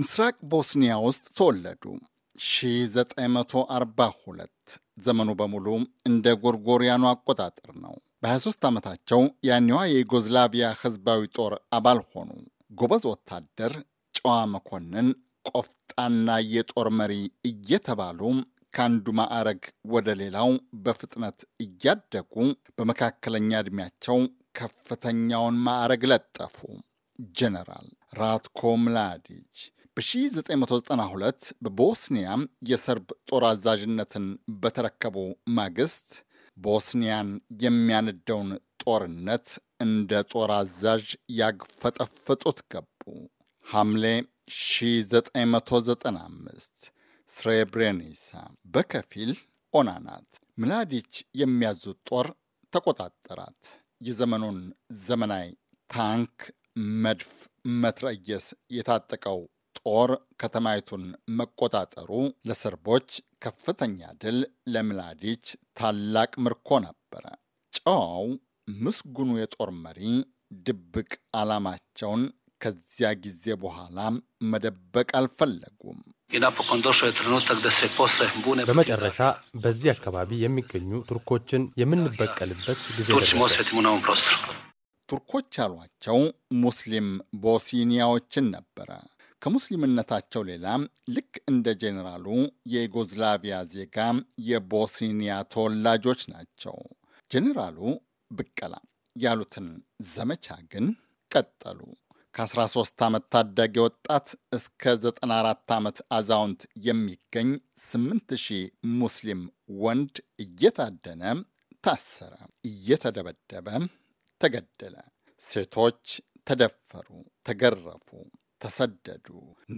ምስራቅ ቦስኒያ ውስጥ ተወለዱ። 1942 ዘመኑ በሙሉ እንደ ጎርጎሪያኑ አቆጣጠር ነው። በ23 ዓመታቸው ያኔዋ የዩጎዝላቪያ ህዝባዊ ጦር አባል ሆኑ። ጎበዝ ወታደር፣ ጨዋ መኮንን፣ ቆፍጣና የጦር መሪ እየተባሉ ከአንዱ ማዕረግ ወደ ሌላው በፍጥነት እያደጉ በመካከለኛ ዕድሜያቸው ከፍተኛውን ማዕረግ ለጠፉ። ጀነራል ራትኮ ምላዲጅ በ1992 በቦስኒያ የሰርብ ጦር አዛዥነትን በተረከቡ ማግስት ቦስኒያን የሚያንደውን ጦርነት እንደ ጦር አዛዥ ያግፈጠፈጡት ገቡ። ሐምሌ 1995 ስሬብሬኒሳ በከፊል ኦና ናት። ምላዲች የሚያዙት ጦር ተቆጣጠራት። የዘመኑን ዘመናዊ ታንክ፣ መድፍ፣ መትረየስ የታጠቀው ጦር ከተማይቱን መቆጣጠሩ ለሰርቦች ከፍተኛ ድል፣ ለምላዲች ታላቅ ምርኮ ነበረ። ጨዋው ምስጉኑ የጦር መሪ ድብቅ ዓላማቸውን ከዚያ ጊዜ በኋላ መደበቅ አልፈለጉም። በመጨረሻ በዚህ አካባቢ የሚገኙ ቱርኮችን የምንበቀልበት ጊዜ ቱርኮች ያሏቸው ሙስሊም ቦስኒያዎችን ነበረ። ከሙስሊምነታቸው ሌላ ልክ እንደ ጄኔራሉ የዩጎዝላቪያ ዜጋ የቦስኒያ ተወላጆች ናቸው። ጄኔራሉ ብቀላ ያሉትን ዘመቻ ግን ቀጠሉ። ከ13 ዓመት ታዳጊ ወጣት እስከ 94 ዓመት አዛውንት የሚገኝ 8000 ሙስሊም ወንድ እየታደነ ታሰረ፣ እየተደበደበ ተገደለ። ሴቶች ተደፈሩ፣ ተገረፉ። ተሰደዱ።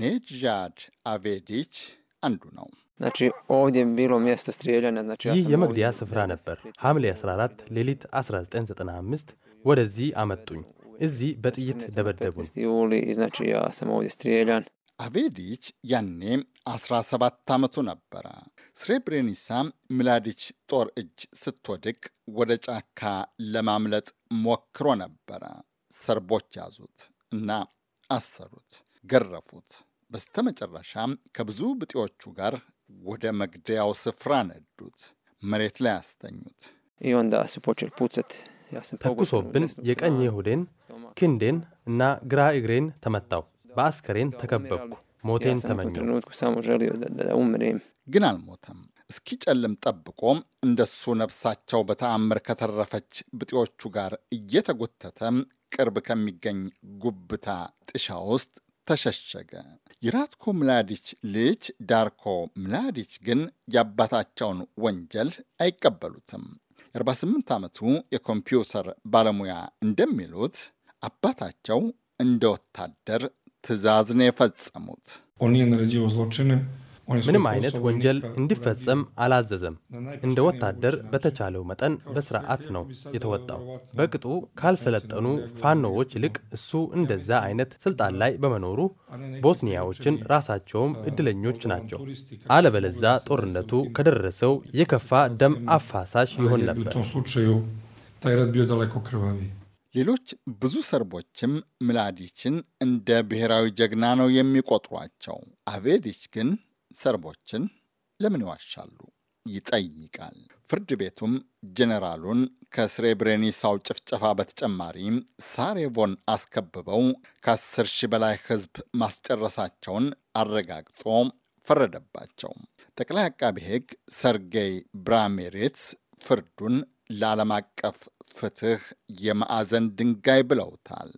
ኔጃድ አቬዲች አንዱ ነው። ይህ የመግደያ ስፍራ ነበር። ሐምሌ 14 ሌሊት 1995 ወደዚህ አመጡኝ። እዚህ በጥይት ደበደቡን። አቬዲች ያኔ 17 ዓመቱ ነበረ። ስሬብሬኒሳ ምላዲች ጦር እጅ ስትወድቅ ወደ ጫካ ለማምለጥ ሞክሮ ነበረ። ሰርቦች ያዙት እና አሰሩት፣ ገረፉት። በስተመጨረሻም ከብዙ ብጤዎቹ ጋር ወደ መግደያው ስፍራ ነዱት፣ መሬት ላይ አስተኙት። ተኩሶብን የቀኝ ይሁዴን ክንዴን እና ግራ እግሬን ተመታው። በአስከሬን ተከበብኩ። ሞቴን ተመኘ። ግን አልሞተም። ጨልም ጠብቆ እንደሱ ነፍሳቸው በተአምር ከተረፈች ብጤዎቹ ጋር እየተጎተተ ቅርብ ከሚገኝ ጉብታ ጥሻ ውስጥ ተሸሸገ። የራትኮ ምላዲች ልጅ ዳርኮ ምላዲች ግን የአባታቸውን ወንጀል አይቀበሉትም። የ48 ዓመቱ የኮምፒውተር ባለሙያ እንደሚሉት አባታቸው እንደ ወታደር ትዕዛዝ ነው የፈጸሙት። ምንም አይነት ወንጀል እንዲፈጸም አላዘዘም። እንደ ወታደር በተቻለው መጠን በስርዓት ነው የተወጣው። በቅጡ ካልሰለጠኑ ፋኖዎች ይልቅ እሱ እንደዛ አይነት ስልጣን ላይ በመኖሩ ቦስኒያዎችን ራሳቸውም እድለኞች ናቸው። አለበለዛ ጦርነቱ ከደረሰው የከፋ ደም አፋሳሽ ይሆን ነበር። ሌሎች ብዙ ሰርቦችም ምላዲችን እንደ ብሔራዊ ጀግና ነው የሚቆጥሯቸው። አቬዲች ግን ሰርቦችን ለምን ይዋሻሉ? ይጠይቃል። ፍርድ ቤቱም ጄኔራሉን ከስሬብሬኒሳው ጭፍጨፋ በተጨማሪ ሳሬቮን አስከብበው ከ10 ሺህ በላይ ህዝብ ማስጨረሳቸውን አረጋግጦ ፈረደባቸው። ጠቅላይ አቃቢ ህግ ሰርጌይ ብራሜሬትስ ፍርዱን ለዓለም አቀፍ ፍትህ የማዕዘን ድንጋይ ብለውታል።